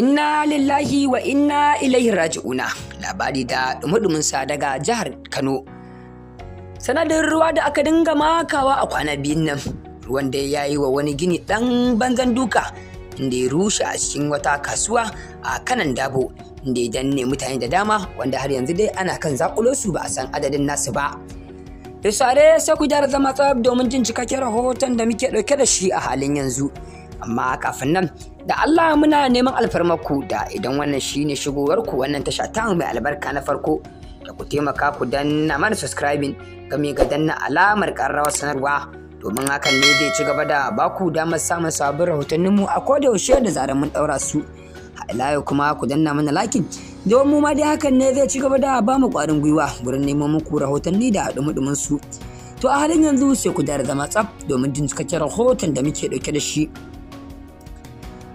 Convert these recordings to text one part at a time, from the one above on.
Inna lillahi wa inna ilaihi raji'una labari da dumudumin sa daga jihar Kano. Sanadin ruwa da aka dinga makawa a kwana biyun nan, ruwan da ya yi wa wani gini ɗan banzan duka inda ya rushe a cikin wata kasuwa a kanan dabo inda ya danne mutane da dama wanda har yanzu dai ana kan zakulo su ba a san adadin nasu ba. Da sare sai ku gyara zama tsab domin jin cikakken rahoton da muke ɗauke da shi a halin yanzu. amma kafin nan da Allah muna neman alfarmaku da idan wannan shine shigowarku wannan tasha ta mai albarka na farko da ku taimaka ku danna mana subscribing game ga danna alamar ƙararrawar sanarwa domin hakan ne zai ci gaba da baku damar samun sabbin rahotanninmu a kodayaushe da zarar mun ɗaura su yau kuma ku danna mana lakin domin mu ma dai hakan ne zai ci gaba da ba mu ƙwarin gwiwa wurin neman muku rahotanni da dumudumin su to a halin yanzu sai ku dara zama tsaf domin jin cikakken rahoton da muke ɗauke da shi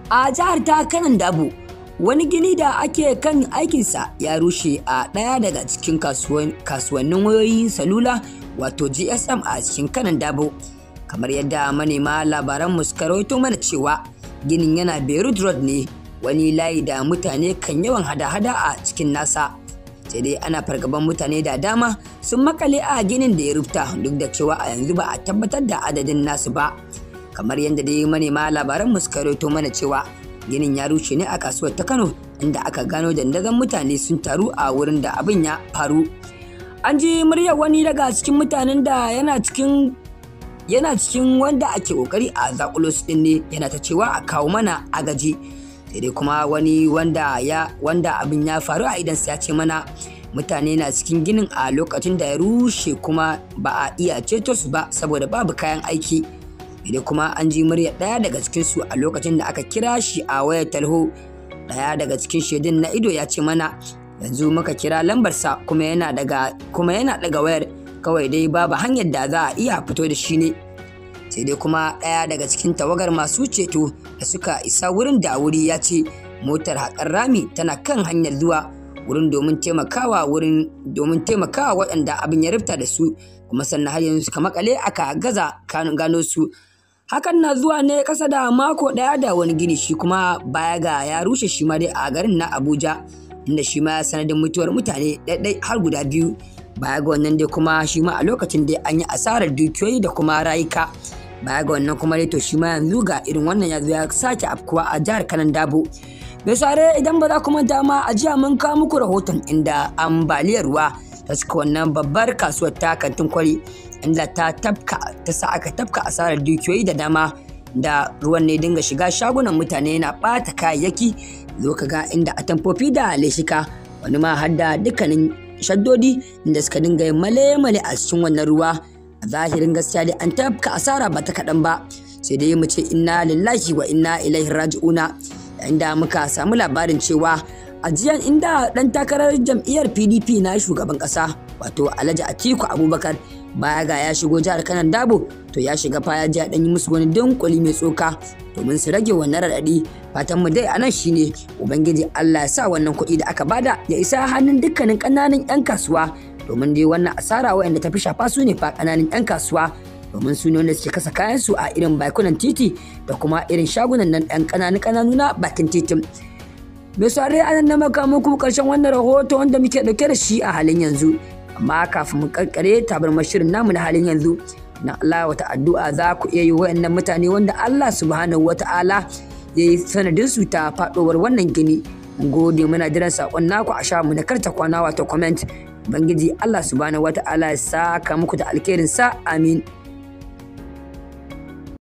a jihar ta kanan dabo wani gini da ake kan aikinsa ya rushe a ɗaya daga cikin kasuwannin wayoyin salula wato gsm a cikin kanan dabo kamar yadda manema labaran muskaraito mana cewa ginin yana beirut road ne wani layi da mutane kan yawan hada-hada a cikin nasa sai dai ana fargaban mutane da dama sun makale a ginin da ya rufta duk da cewa a yanzu ba a tabbatar da adadin nasu ba kamar yadda dai manema labaran mu suka rawaito mana cewa ginin ya rushe ne a kasuwar ta Kano inda aka gano dandazon mutane sun taru a wurin da abin ya faru an ji muryar wani daga cikin mutanen da yana cikin yana cikin wanda ake kokari a zakulo su din ne yana ta cewa a kawo mana agaji sai dai kuma wani wanda ya wanda abin ya faru a idan ya ce mana mutane na cikin ginin a lokacin da ya rushe kuma ba a iya ceto su ba saboda babu kayan aiki idan kuma an ji murya ɗaya daga cikinsu a lokacin da aka kira shi a wayar talho ɗaya daga cikin shaidun na ido ya ce mana yanzu muka kira lambarsa kuma yana daga kuma yana daga wayar kawai dai babu hanyar da za a iya fito da shi ne sai dai kuma ɗaya daga cikin tawagar masu ceto da suka isa wurin da wuri ya ce motar haƙar rami tana kan hanyar zuwa wurin domin taimakawa wurin domin taimakawa waɗanda abin ya rufta da su kuma sannan har yanzu suka makale aka gaza gano su hakan na zuwa ne kasa da mako daya da wani gini shi kuma baya ga ya rushe shi ma dai a garin na abuja inda shi ma sanadin mutuwar mutane ɗaiɗai har guda biyu baya ga wannan dai kuma shi ma a lokacin dai an yi asarar dukiyoyi da kuma rayuka baya ga wannan kuma dai to shi ma yanzu ga irin wannan ya ya sake afkuwa a jihar kanan dabo mai sare idan ba za kuma dama a jiya mun kawo muku rahoton inda ambaliyar ruwa ta cika wannan babbar kasuwar ta kantin kwari inda ta tafka ta sa aka tafka asarar dukiyoyi da dama da ruwan ne dinga shiga shagunan mutane na ɓata kayayyaki zo ka ga inda atamfofi da leshika wani ma har da dukkanin shaddodi inda suka dinga yin male-male a cikin wannan ruwa a zahirin gaskiya dai an tafka asara ba ta kaɗan ba sai dai mu ce inna lillahi wa inna ilaihi raji'una inda muka samu labarin cewa a jiyan inda ɗan takarar jam'iyyar pdp na shugaban ƙasa wato alhaji atiku abubakar baya ga ya shigo jihar kanan dabo to ya shiga faya jiya dan yi musu wani dunkuli mai tsoka domin su rage wannan raɗaɗi fatan mu dai anan shine ubangiji allah ya sa wannan kuɗi da aka bada ya isa hannun dukkanin ƙananan 'yan kasuwa domin dai wannan asara inda ta fi shafa su ne fa ƙananan 'yan kasuwa domin su ne wanda suke kasa kayan su a irin bakunan titi da kuma irin shagunan nan ɗan ƙananu ƙananu na bakin titin. saurari anan na maka muku ƙarshen wannan rahoton da muke ɗauke da shi a halin yanzu. amma kafin mu karkare tabarmar shirin namu na halin yanzu na Allah wata addu'a za ku iya yi waɗannan mutane wanda Allah subhanahu ta'ala ya yi sanadin su ta faɗowar wannan gini gode muna jiran saƙon naku a sha mu na karta kwana wato comment bangiji Allah subhanahu ta'ala ya saka muku da alkhairin sa amin